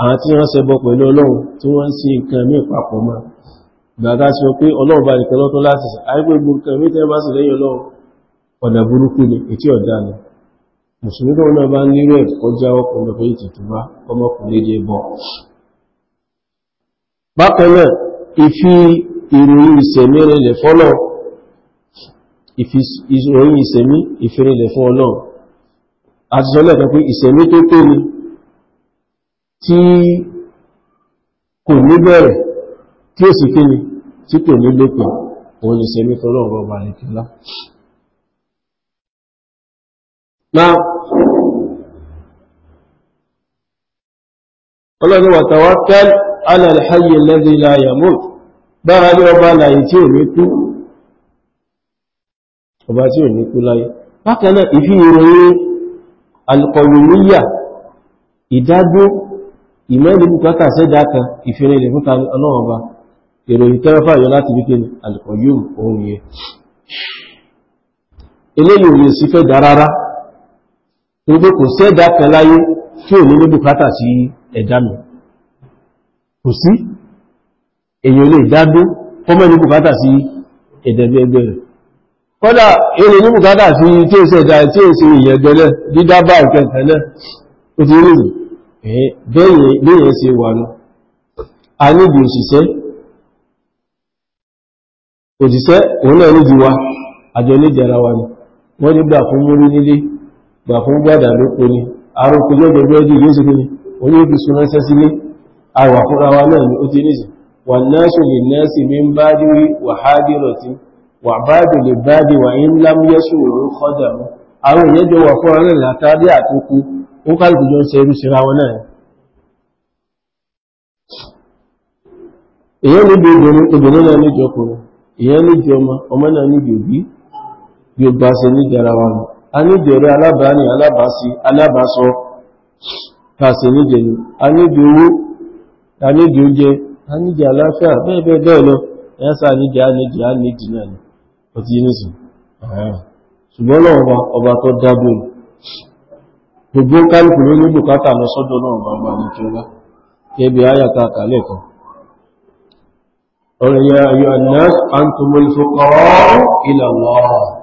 àwọn tí wọ́n ṣẹbọ pẹ̀lú ọlọ́run tí wọ́n sí nǹkan mí papọ̀ mọ́ gbàgbá sọ pé ọlọ́run bá nìkan lọ́tọ́ láti sìn àìpé gbogbo nǹkan mí bá sì lẹ́yìn ọlọ́run ọ̀nà burúkú ni ètí ọ̀dá ni mùsùlùmí tó náà bá ní rẹ̀ kọjá ọkùnrin fẹ́ ìtìtúbá ọmọkùnrin dé bọ́ bákan náà ìfi ìròyìn ìsẹ̀mí rẹ̀ fọ́lọ̀ ìròyìn ìsẹ̀mí ìfẹ́rẹ̀lẹ̀ fún ọlọ́run àti sọ lẹ́ẹ̀kan pé ìsẹ̀mí tó tó ni tí kò ní bẹ̀rẹ̀ tí ó sì kí ni tí kò ní lópin òun ìsẹ̀mí tọ́lọ́run ọba nìkẹ́lá náà ọlọ́ni wa tawakkal ala al-hayy alladhi la yamut bára ní ọba láyé tí ò ní kú ọba tí ò ní kú láyé bákan náà ìfi ìròyìn alkọlùmíyà ìdádó ìmẹ́lì bùkátà sẹ́dá kan ìfẹ́rẹ̀lẹ̀ fún ọlọ́run ọba ìròyìn tẹ́rọfà yọ láti wípé alkọlùm ohun yẹn nígbé kò sẹ́dá kan láyé tí ò ní ní bùkátà sí ẹ̀dá mi kò sí èyàn lè dádó kọ́mọ̀ ní bùkátà sí ẹ̀dẹ̀gbẹ̀gbẹ̀ rẹ̀ kọ́dà èrè ní bùkátà sí tí ó sẹ́dá tí ó sì èyàn gẹ́lẹ̀ dídá bá ìkẹtẹ̀lẹ̀ ó ti rí bẹ́yẹn ṣe wà nù a níbi òṣìṣẹ́ òṣìṣẹ́ òun náà níbi wa ba fún gbádà ló kó ní arókù jẹ́ gẹ́gẹ́ bí yóò sígbé oní sile súnmọ́ sẹ́sílé àwà fúnrawa náà ni ó ti nìsì wà náà sọ lè náà sì mí wa bá dírí wà hádìrọ̀tí wà báàdì lè báàdì wà ń lámúyẹ́sù òun kọ́dà mú àwọn èèyàn na obìnrin náà ọmọ ọmọ náà òbí bí ó ṣe wa a níbi ọ̀rẹ́ alábàárìn alábàásí alábàásọ tàṣẹ níjẹ̀ ni a níbi owó a níbi oúnjẹ a níbi àlàáfíà bẹ́ẹ̀ bẹ́ẹ̀ lọ ẹ̀yásá níbi níbi a náà ni ti ní sùn ṣùgbọ́n náà ọba ọba tó dábò gbogbo kálùkù ló ní bùkátà lọ sọ́dọ̀ náà ọba ọba ní kíọ́lá kẹbi kàlẹ̀ kan ayọ̀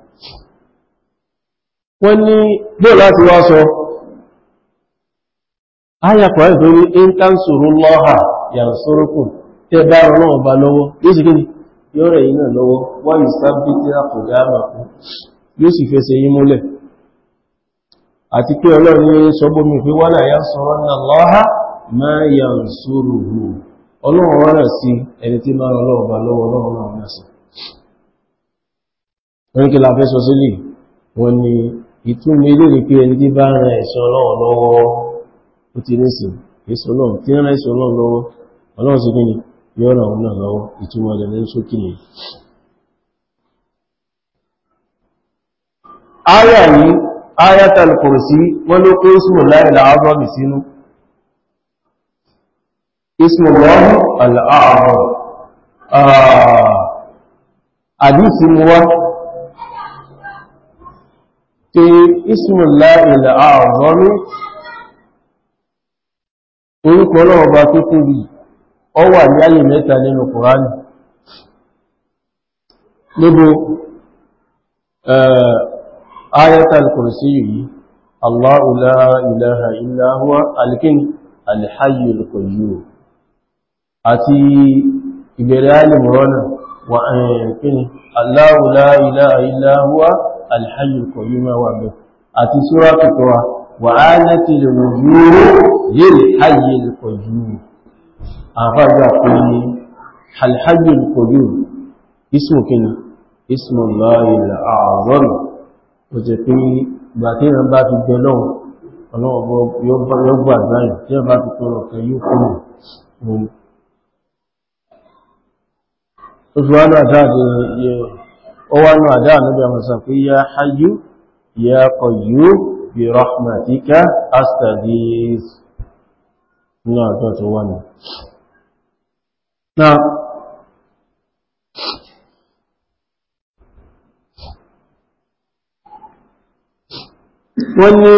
wọ́n ní bóò láti wá sọ ayà kọ̀rọ̀ tó ní intansuru lọ́ha yansurukum tẹ bá rọrùn ọba lọ́wọ́ yóò sì gíní yóò rẹ̀ yìí náà lọ́wọ́ wọ́n yìí sábí tí a kò dáàmà fún yóò sì fẹsẹ̀ múlẹ̀ àti pé ọlọ́run sọ wọ́n ní ìtumọ̀ ilé ni pé ẹni tí bá ń ran ẹ̀sìn ọlọ́run lọ́wọ́ ó ti ní sìn èso ọlọ́run tí ń ran ẹ̀sìn ọlọ́run lọ́wọ́ ọlọ́run ni yóò ràn òun náà lọ́wọ́ ìtumọ̀ rẹ̀ ní sókè ni. áyà yìí áyà tàlùkùrù sí wọ́n ló kó ah, ìsìnmù láì ismu láìlì ààzọ́mí orúkọ náà bá tó tóbi ọ wà ní ayé mẹ́ta nínú kùránì níbo ayatul kùrùsí yìí Allahu la ilaha illa huwa alkin alhayyul qayyum àti ìbẹ̀rẹ̀ alìmọ̀rọ̀nà wà ẹ̀yìn kí ni Allahu la ilaha illa huwa alhayyul qayyum àti súrátù tó wa wà á lẹ́kì lè wò yóò yé lè háyé lè pọ̀jú àfáàgbà pé ní alháyé lè pọ̀jú ismù kíni ismù lọ́yìn àárọ̀nù ó jẹ́ pé ìgbà tí wọ́n bá fi bẹ lọ́wọ́ ọlọ́wọ́ yóò gbà báyìí tí wọ́n bá fi tọrọ kan yóò kúrò ohun oṣù wa náà dáa ni ọwọ́ náà dáa níbi àwọn sàkóyá hayyu يا قيوم برحمتك أستغيث لا تتوانا نعم wọ́n ní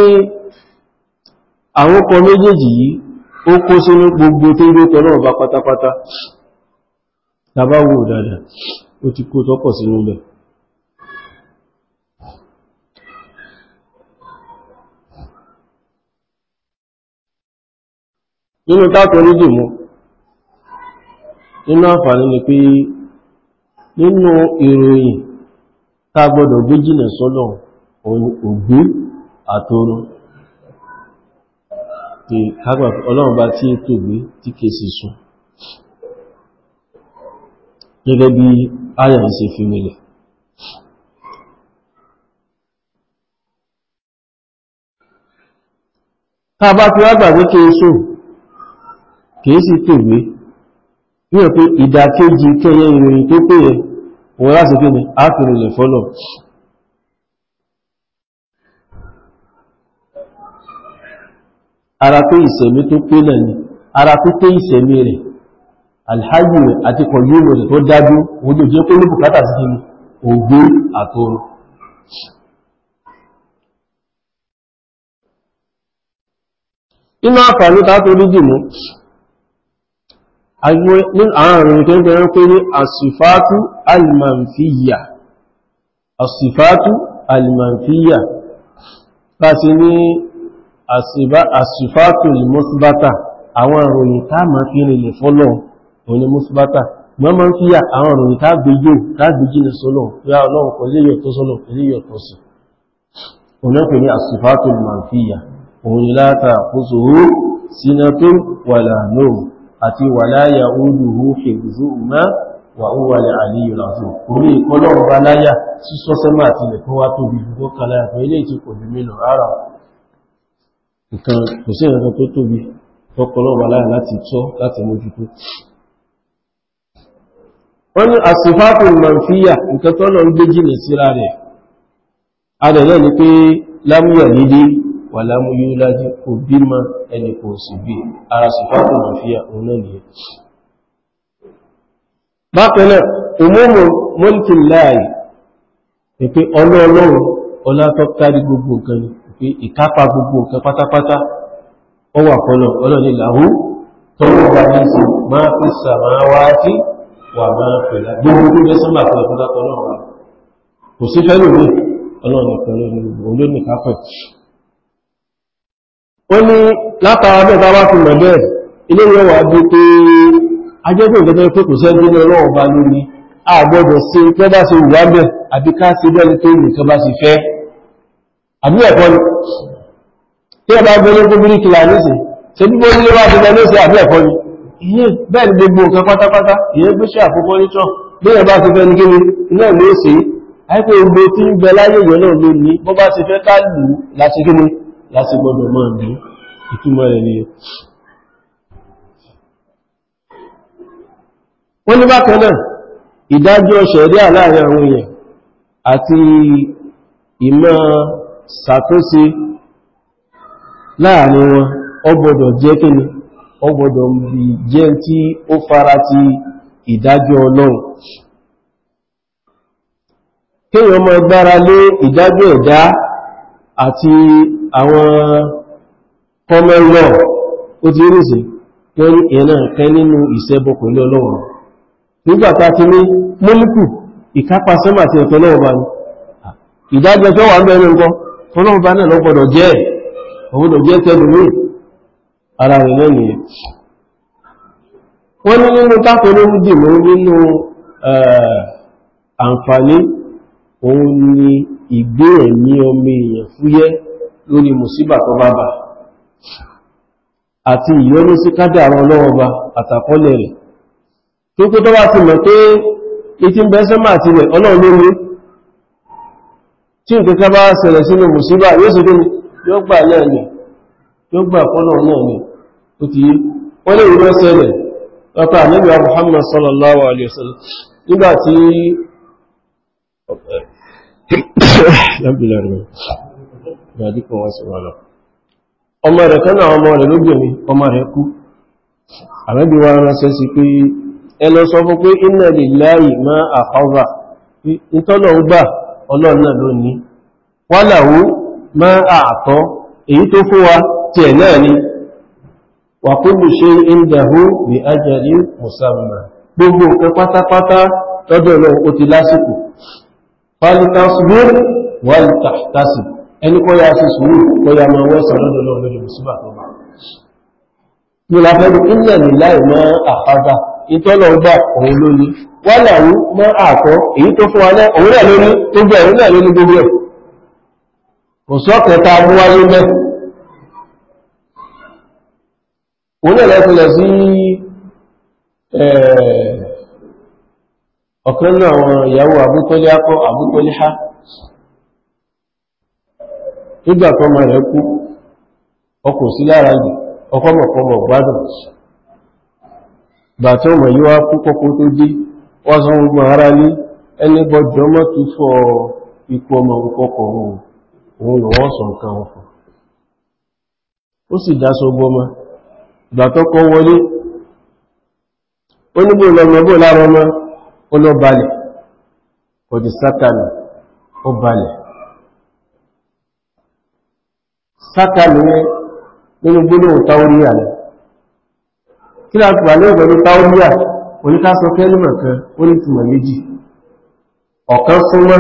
àwọn ọkọ̀ méjèèjì yìí ó kó sínú gbogbo tó ilé pẹ̀lú ọba pátápátá tàbáwò dáadáa ó ti kó tọ́pọ̀ sínú ilẹ̀ nínú táàtò onídì mú nínú àǹfààní ni pé nínú ìròyìn tá gbọdọ̀ gbé jìnà sọ́lọ̀ ògbé àtọrun tí kágbà ọlọ́run bá tí ètò gbé tí kè sí sùn gẹ́gẹ́ bí ayà ń ṣe fi nílẹ̀ tá bá fi wá gbàgbé kí sùn kìí sì pèwé ní ọ̀pẹ́ ìdàkéjì kẹyẹ ìròyìn tó péye wọ́n láti kí ni ápìrìnlẹ̀ fọ́lọ̀ ara pé ìsẹ̀mí tó pé náà ni ara pé pé ìsẹ̀mí rẹ̀ alhaji rẹ̀ àti kọ̀lú tó dájú òun jẹ́ pé ní sí kí ògbé àtọrọ inú àfààní tá tó àwọn àrùn tó ń bẹ̀rẹ̀ pé ní àsìfàátù almanfíyà àsìfàátù almanfíyà láti ní àsìfàátù musbata àwọn àròyìn tá ma fi rìnlẹ̀ fọ́lọ̀ òní musbata wọ́n ma ń fíyà àwọn àròyìn tá gbé yóò tá gbé jìnà sọ́lọ̀ pé ọlọ́run kò lè yọ̀ tó sọ́lọ̀ kò lè yọ̀ tó sí òní pè ní àsìfàátù almanfíyà òní látà kó sòrò sínátó wà àti wàlá ya'uduhu hifzuhuma wa huwa al-'aliyyul 'azim orí ìkọlọ́run bá láyà sísọ́ sẹ́mà àti ilẹ̀ kan wá tóbi gbogbo kan láyà pé ilé ìtí kò jù mí lọ rárá nǹkan kò sí ìrẹ́kan tó tóbi tọ́kọlọ́run bá láyà láti tọ́ láti mójútó wọ́n ní àsìfáàtù mọ̀fíyà nǹkan tọ́lọ ń gbé jìnà síra rẹ̀ wà lámúyú lájú kò bí ma ẹni kò sì bí ara sùfàtò mọ̀ fíyà òun náà nìyẹn bákan náà òmúmù mọ́lìkì láàyè ni pé ọlọ́ọlọ́run ọlátọ́ kárí gbogbo nǹkan ni pé ìkápa gbogbo nǹkan pátápátá ó wà fọ́lọ̀ ọlọ́ni làhú tọ́wọ́ bá ní sí máa fi sàmáwáátí wà máa pẹ̀lá gbogbo tó ó ní látara bẹ́ẹ̀ bá wá fi mọ̀ bẹ́ẹ̀ ilé ìwé wà bí pé ajẹ́gbẹ̀ ìgbẹ́jẹ́ pé kò sẹ́ni nínú ọlọ́run bá lórí àgbọ́dọ̀ sí pé bá ṣe wùwá bẹ̀ àbí ká sí bẹ́ẹ̀ni tó nìkan bá sì fẹ́ àbí ẹ̀kọ́ ni tí ẹ bá gbé ní gbogbo kìlà nísìn ṣe bí gbogbo wá ti bẹ́ẹ̀ lóṣè àbí ẹ̀kọ́ ni ìyẹn bẹ́ẹ̀ ni gbogbo nǹkan pátápátá ìyẹn gbé ṣe àkókò ní tán bí ẹ bá ti fẹ́ ní kíni iná ìlú ó sì àìpé gbogbo tí ń bẹ láyé ìyẹn náà ló láti gbọ́dọ̀ máa bí ìtumọ̀ rẹ̀ ni wọ́n ní bákan náà ìdájọ́ ṣẹ̀ríà láàrin àwọn èèyàn àti ìmọ̀ ṣàtúnṣe láàrin wọn ọgbọ̀dọ̀ jẹ́ kíni ọgbọ̀dọ̀ jẹ́ tí ó fara ti ìdájọ́ ọlọ́run kéèyàn máa gbára lé ìdájọ́ ẹ̀dá àti àwọn common law ó ti rí sí lórí ẹ̀nà kan nínú ìṣẹ́bọ pẹ̀lú ọlọ́run nígbàtà ti ní múlùkù ìkápá sẹ́mà ti ọ̀tọ̀ lọ́wọ́ bá ní ìdájọ́ tó wà ń bẹ̀rẹ̀ nǹkan ọlọ́run bá náà lọ́gbọ̀dọ̀ jẹ́ ọ̀gbọ̀dọ̀ jẹ́ tẹ́lùmí ara rẹ̀ ni ìgbé ẹ̀mí ọmọ èèyàn fúyẹ́ lórí mùsíbà tó bá bá àti ìyọ́nú sí kádàrá ọlọ́ọba àtàkọ́lẹ̀ rẹ̀ tó tó tọ́wà ti mọ̀ pé ìtí ń bẹ́sẹ́mà àti rẹ̀ ọlọ́ọ̀lórí tí nǹkan ká bá ṣẹlẹ̀ sínú mùsíbà yóò sì ni yóò gbà sallallahu alaihi wasallam nígbà ọmọ rẹ̀ kánà ọmọ rẹ̀ lóbìnrin ọmọ rẹ̀ kú àmẹ́bí wa ránṣẹ́ sí pé ẹ sọ fún pé ìtọ́lọ̀ ń gbà ọlọ́ọ̀nà lónìí èyí tó fún wa náà ni gbogbo nǹkan pátápátá ó falitasbir walitahtasib ẹni kọ́ ya ṣe sùúrù kọ́ ya máa wẹ́sàn lọ́dọ̀ lọ́wọ́ lójú mùsùlùmá tó bá ní láfẹ́dù ilẹ̀ ní láì mọ́ àfáàgbà ìtọ́lọ̀ gbà òun ló ní wà láwú mọ́ àkọ́ èyí tó fún alẹ́ òun rẹ̀ lóní tó gbẹ̀ òun rẹ̀ lóní ọ̀kan náà àwọn ìyàwó àbútọ́lé akọ́ àbútọ́lé ha nígbà ma rẹ̀ kú ọkọ̀ sí lára jù ọkọ́mọ̀kọ́mọ̀ gbádùn bà tí ọmọ yíó wá kú kọ́kọ́ tó dé wá sọ ara ní ẹnibọ́jọ́ mọ́ tún fọ́ ikú ọmọ òkọ́kọ̀ òun sọ nǹkan ọkọ̀ ó sì gbà tọ́kọ́ wọlé ó níbò lọmọ ọmọ ó ló balẹ̀ òdì sákàlù ó balẹ̀ sákàlù yẹn nínú gbólóhùn táóríyà rẹ̀ kí láti wà ní ọ̀gbẹ̀rún oníkásọ kan ó ní tìmọ̀ méjì ọ̀kan súnmọ́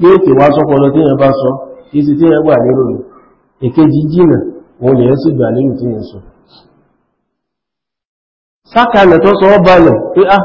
ní ètè wá sọ́pọ̀ lọ tí yẹn bá sọ tí yẹn gbà lérò rẹ̀ òun lè sì gbà lérò tí yẹn sọ sọ ọ́ balẹ̀ pé ah,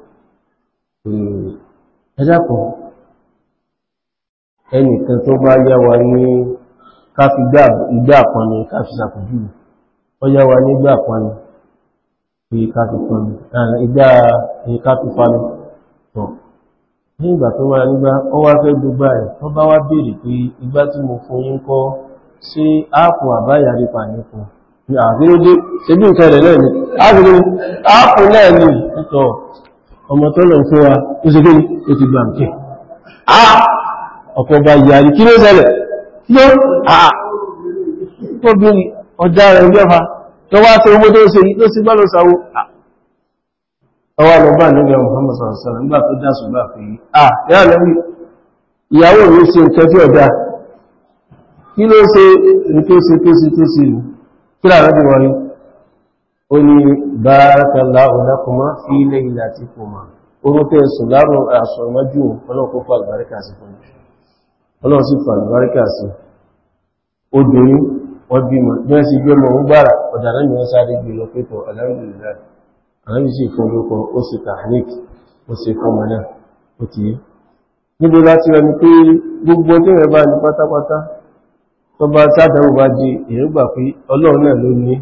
Hmm. ẹ̀dàkọ̀ ẹnìkan tó bá yáwa ní káfí igbá àpọnni káfí sàkójú ó yáwa ní igbá àpọnni pé káfí pọnni igbá káfí pọnni tọ̀ ní ìgbà tó wá nígbà ó wá fẹ́ gbogbo ẹ̀ tó bá wá béèrè pé igbá tí mo fún yín kọ́ sí áàpù àbáyà rí pàní fún àbíródé ṣebí nǹkan rẹ̀ náà ni áàpù náà ni ìtọ̀ ọmọ tọ́lọ̀ fún wa ó sì gbé ó ti gbà mkẹ́ ọ̀pọ̀ bá yàrí kí ló ṣẹlẹ̀ yọ́ àpọ̀bìnrin ọjà rẹ̀ gẹ́fà tó wá tó mú tó ṣe yí tó sì gbá lọ sáwó ọwá lọ bá nígbà Muhammad sọ̀rọ̀sọ̀rọ̀ nígbà tó já ṣùgbà fún yí à yà lẹ́wì ó ní barakallahu lakuma fi laylatikuma orúkẹ́ ẹ̀sùn láàrùn àṣọ ìmọ́jú ọlọ́run kó fà àlùbáríkà sí fún ọlọ́run sì fà àlùbáríkà sí obìnrin wọ́n bímọ bí wọ́n sì gbé ọmọ òun gbára ọ̀dà náà ni wọ́n sáré gbé lọ pé tọ̀ alhamdulillah àwọn ìṣe ìfọwọ́kọ ó sì tahnik ó sì fọmọ náà ó ti yé níbi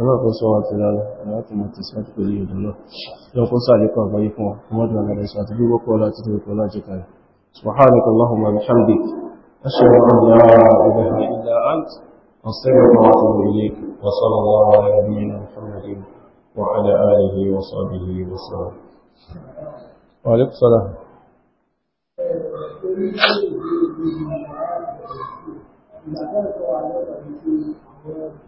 ọlọ́pọ̀ sọ wà tẹ́lá láti mọ̀ tẹ̀síwájú pẹ̀lú ìdọ́lọ́ lọ́pọ̀ sáàlékọ̀ àgbáyé fún wa ọmọdé ọ̀nà ẹ̀sọ́ àti bí wọ́pọ̀ láti tó ìpọ̀ láti kàrẹ̀ سبحانك اللهم وبحمدك أشهد أن لا إله إلا أنت أستغفرك وأتوب إليك وصلى الله على نبينا محمد وعلى آله وصحبه وسلم وعليكم السلام Thank you.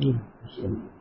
嗯。行。